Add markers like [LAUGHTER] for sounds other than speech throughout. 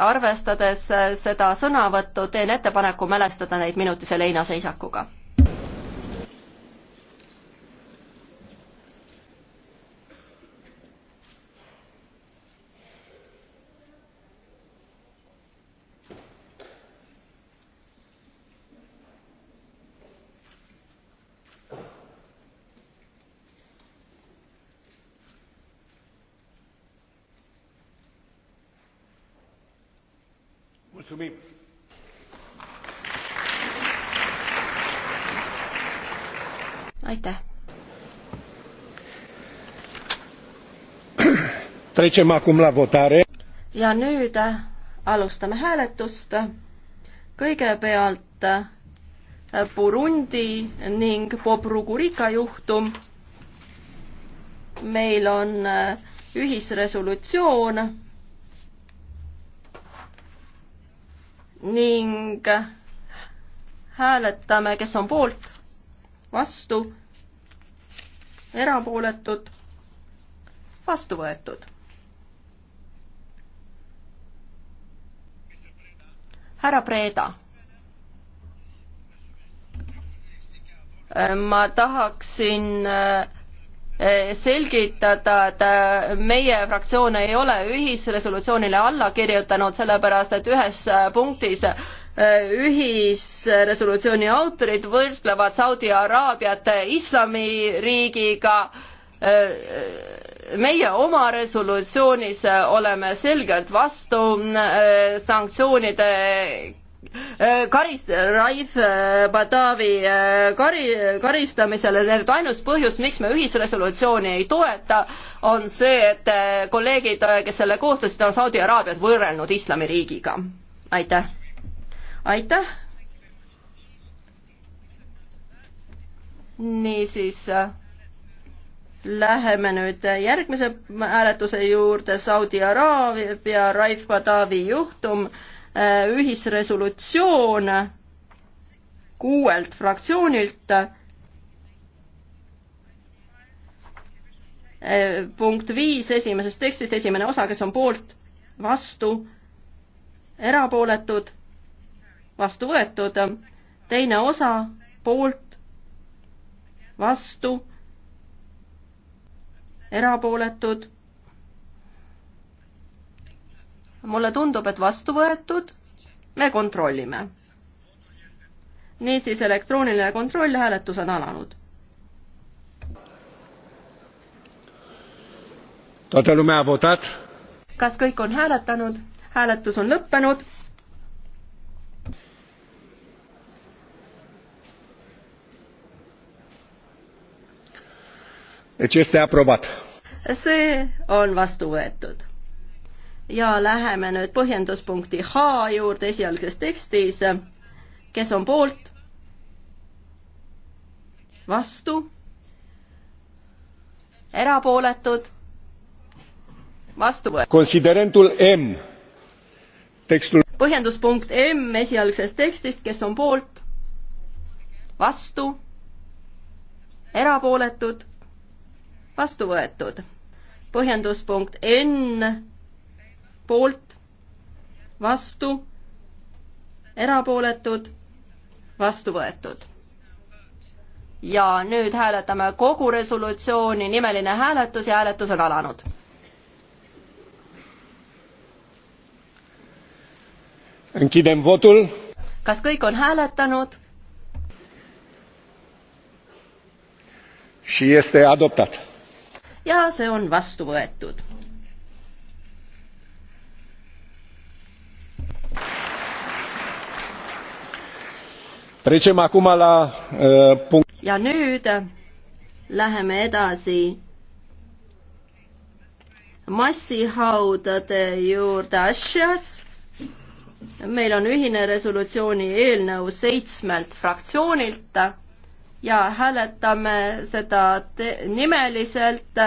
arvestades äh, seda sõnavõttu, teen ettepaneku mälestada neid minutise leinaseisakuga mulțumim. aitäh. [CLEARS THROAT] trecem acum la votare. ja nüüd äh, alustame hääletust. kõigepealt äh, Burundi ning Bobrugurika juhtum. meil on äh, ühisresolutsioon ning hääletame, kes on poolt, vastu, erapooletud, vastu võetud. härra Preeda ma tahaksin äh, Eh, selgitada, et eh, meie fraktsioon ei ole ühisresolutsioonile alla kirjutanud, sellepärast et ühes eh, punktis ühisresolutsiooni autorid võrdlevad Saudi Araabiat islamiriigiga meie oma resolutsioonis oleme selgelt vastu sanktsioonide Eh, karist-, Raif eh, Badavi eh, kari-, karistamisele, et ainus põhjus, miks me ühisresolutsiooni ei toeta, on see, et kolleegid, kes selle koostasid, on Saudi Araabiat võrrelnud islamiriigiga. aitäh. aitäh. niisiis Läheme nüüd järgmise hääletuse juurde, Saudi Araabia Raif Badavi juhtum Äh, ühisresolutsioon kuuelt fraktsioonilt. Äh, punkt viis esimesest tekstist, esimene osa, kes on poolt, vastu, erapooletud, vastu võetud, teine osa, poolt, vastu, erapooletud mulle tundub, et vastu võetud, me kontrollime. niisiis, elektrooniline kontroll, hääletus on alanud. kas kõik on hääletanud? hääletus on lõppenud deci este aprobat. see on vastu võetud ja läheme nüüd põhjenduspunkti H juurde esialgses tekstis. kes on poolt? vastu? erapooletud? vastu võetud. Considerentul M. tekstul. põhjenduspunkt M esialgsest tekstist, kes on poolt? vastu? erapooletud? vastu võetud. põhjenduspunkt N poolt, vastu, erapooletud, vastu võetud. ja nüüd hääletame kogu resolutsiooni, nimeline hääletus ja hääletus on alanud. kas kõik on hääletanud? ja see on vastu võetud Eh, ja nüüd läheme edasi massihaudade juurde asjas. meil on ühine resolutsiooni eelnõu seitsmelt fraktsioonilt ja hääletame seda nimeliselt.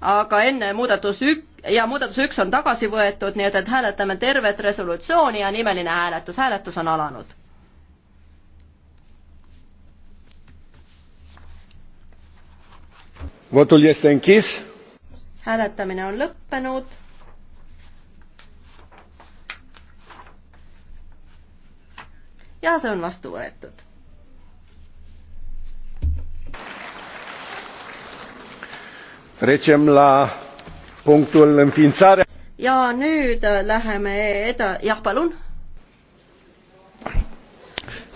aga enne muudatus ük- ja muudatus üks on tagasi võetud, nii et, et hääletame tervet resolutsiooni ja nimeline hääletus. hääletus on alanud votul este închis. hääletamine on lõppenud. ja see on vastu võetud. Trecem la punctul înființare. Ja nüüd läheme eda-, jah, palun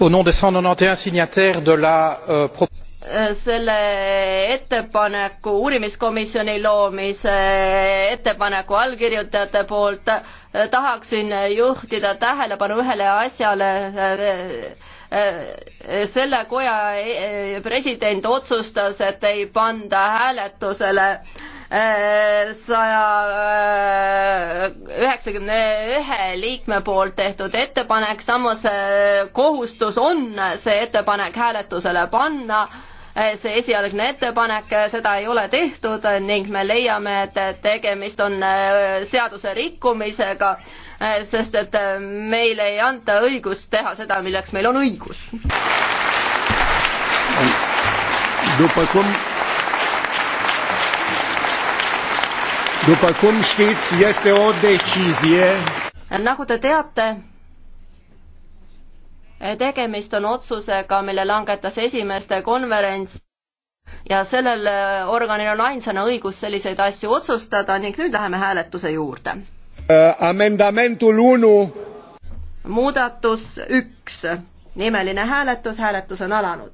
au nom des cent quatre vingt un signataires de la euh, proposition selle ettepaneku, uurimiskomisjoni loomise ettepaneku allkirjutajate poolt eh, tahaksin juhtida tähelepanu ühele asjale. Eh, eh, selle koja president otsustas, et ei panda hääletusele saja üheksakümne ühe liikme poolt tehtud ettepanek, samas kohustus on see ettepanek hääletusele panna Eh, see esialgne ettepanek, eh, seda ei ole tehtud eh, ning me leiame, et tegemist on seaduse rikkumisega, sest et meile ei anta õigust teha seda, milleks meil on õigus. După cum După cum știți, este o decizie. Nagu te teate, tegemist on otsusega, mille langetas esimeste konverents ja sellel äh, organil on ainsana õigus selliseid asju otsustada ning nüüd läheme hääletuse juurde äh,. muudatus üks, nimeline hääletus, hääletus on alanud.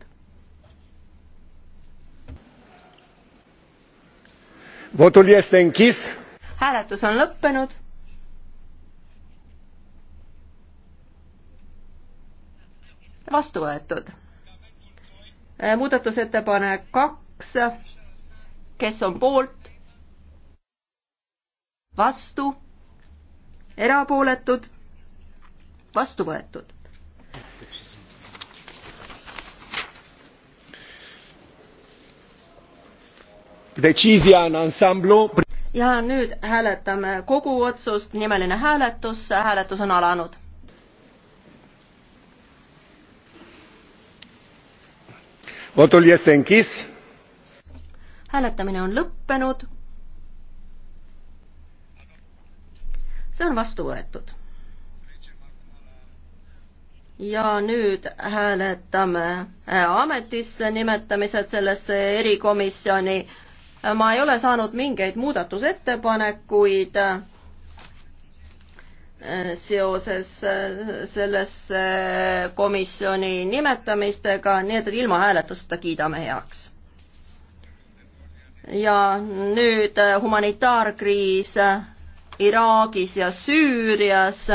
hääletus on lõppenud vastu võetud. muudatusettepanek kaks, kes on poolt, vastu, erapooletud, vastu võetud. Decizia în ansamblu ja nüüd hääletame kogu otsust, nimeline hääletus, hääletus on alanud votul este închis. hääletamine on lõppenud. see on vastu võetud. ja nüüd hääletame äh, ametisse nimetamised sellesse erikomisjoni. ma ei ole saanud mingeid muudatusettepanekuid seoses äh, sellesse komisjoni nimetamistega, nii et, et ilma hääletusteta kiidame heaks. ja nüüd äh, humanitaarkriis äh, Iraagis ja Süürias.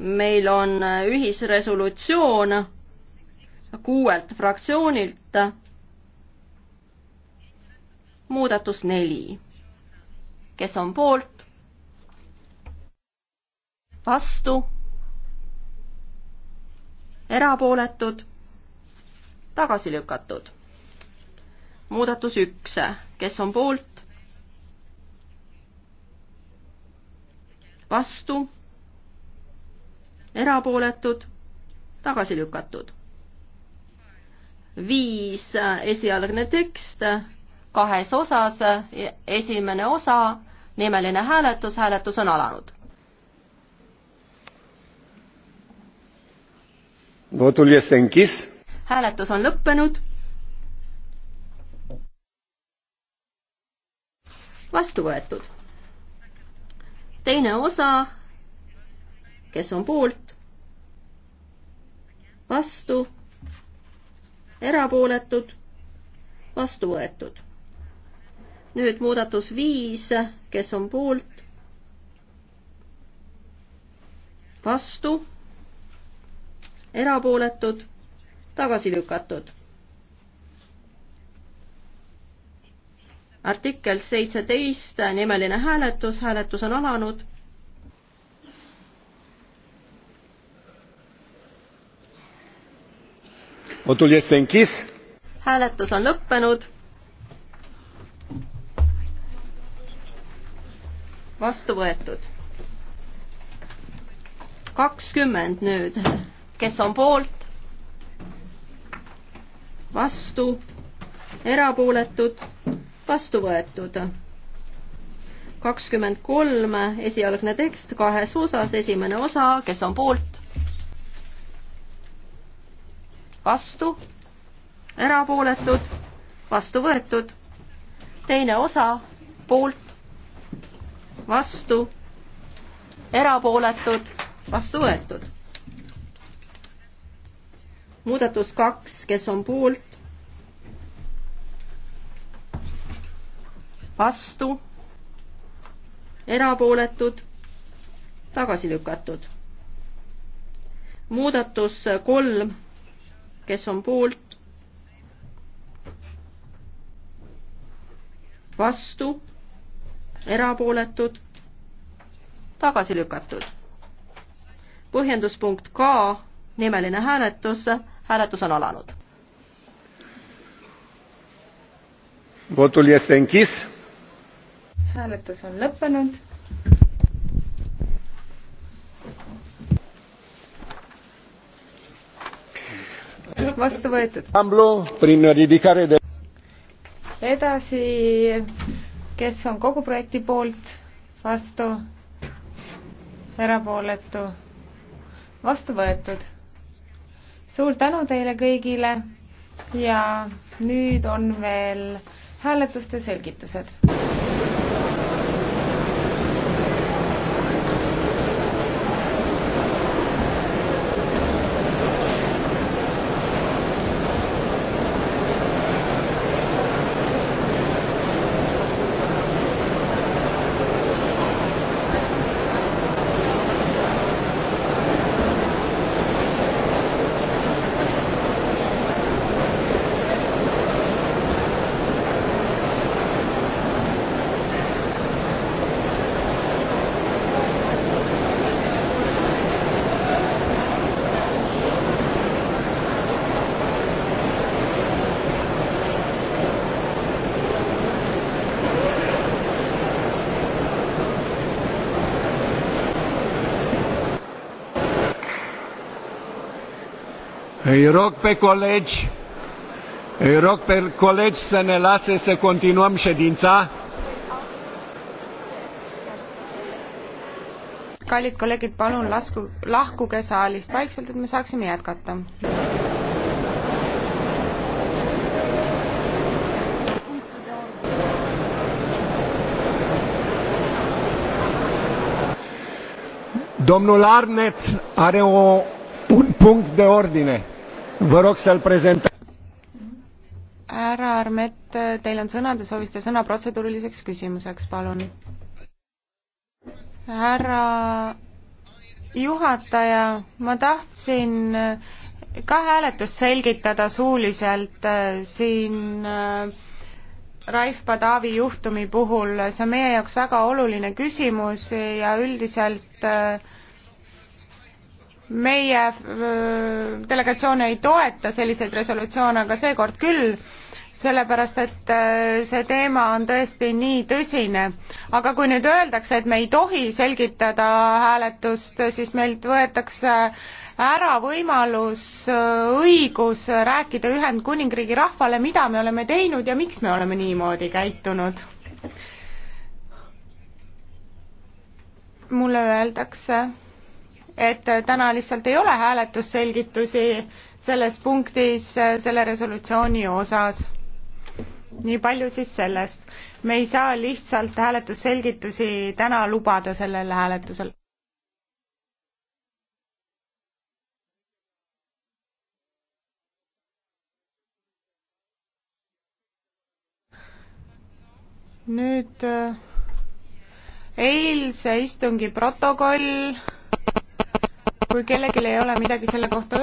meil on ühisresolutsioon kuuelt fraktsioonilt. muudatus neli, kes on poolt? vastu, erapooletud, tagasi lükatud. muudatus üks, kes on poolt, vastu, erapooletud, tagasi lükatud. viis, esialgne tekst kahes osas, esimene osa, nimeline hääletus, hääletus on alanud votul este închis. hääletus on lõppenud. vastu võetud. teine osa, kes on poolt, vastu, erapooletud, vastu võetud. nüüd muudatus viis, kes on poolt, vastu erapooletud, tagasi lükatud. artikkel seitseteist, nimeline hääletus, hääletus on alanud. hääletus on lõppenud vastu võetud. kakskümmend nüüd [LAUGHS] kes on poolt, vastu, erapooletud, vastu võetud. kakskümmend kolm, esialgne tekst kahes osas, esimene osa, kes on poolt, vastu, erapooletud, vastu võetud, teine osa, poolt, vastu, erapooletud, vastu võetud muudatus kaks, kes on poolt? vastu? erapooletud? tagasi lükatud? muudatus kolm, kes on poolt? vastu? erapooletud? tagasi lükatud? põhjenduspunkt K, nimeline hääletus hääletus on alanud. hääletus on lõppenud. vastu võetud. edasi, kes on kogu projekti poolt, vastu, erapooletu, vastu võetud suur tänu teile kõigile ja nüüd on veel hääletuste selgitused. Îi rog pe colegi, îi rog pe colegi să ne lase să continuăm ședința. kallid kolleegid, palun lasku, lahkuge saalist vaikselt, et me saaksime jätkata. domnul Arnet are o, un punct de ordine. Vă rog să-l prezentați. Härra Armet, teil on sõna, te soovisite sõna protseduuriliseks küsimuseks, palun. härra juhataja, ma tahtsin ka hääletust selgitada suuliselt äh, siin äh, Raif Badavi juhtumi puhul, see on meie jaoks väga oluline küsimus ja üldiselt äh, meie delegatsioon ei toeta selliseid resolutsioone, aga seekord küll, sellepärast et see teema on tõesti nii tõsine. aga kui nüüd öeldakse, et me ei tohi selgitada hääletust, siis meilt võetakse ära võimalus, õigus rääkida Ühendkuningriigi rahvale, mida me oleme teinud ja miks me oleme niimoodi käitunud. mulle öeldakse et täna lihtsalt ei ole hääletusselgitusi selles punktis selle resolutsiooni osas. nii palju siis sellest. me ei saa lihtsalt hääletusselgitusi täna lubada sellel hääletusel. nüüd äh, eilse istungi protokoll kui kellelgi ei ole midagi selle kohta öelda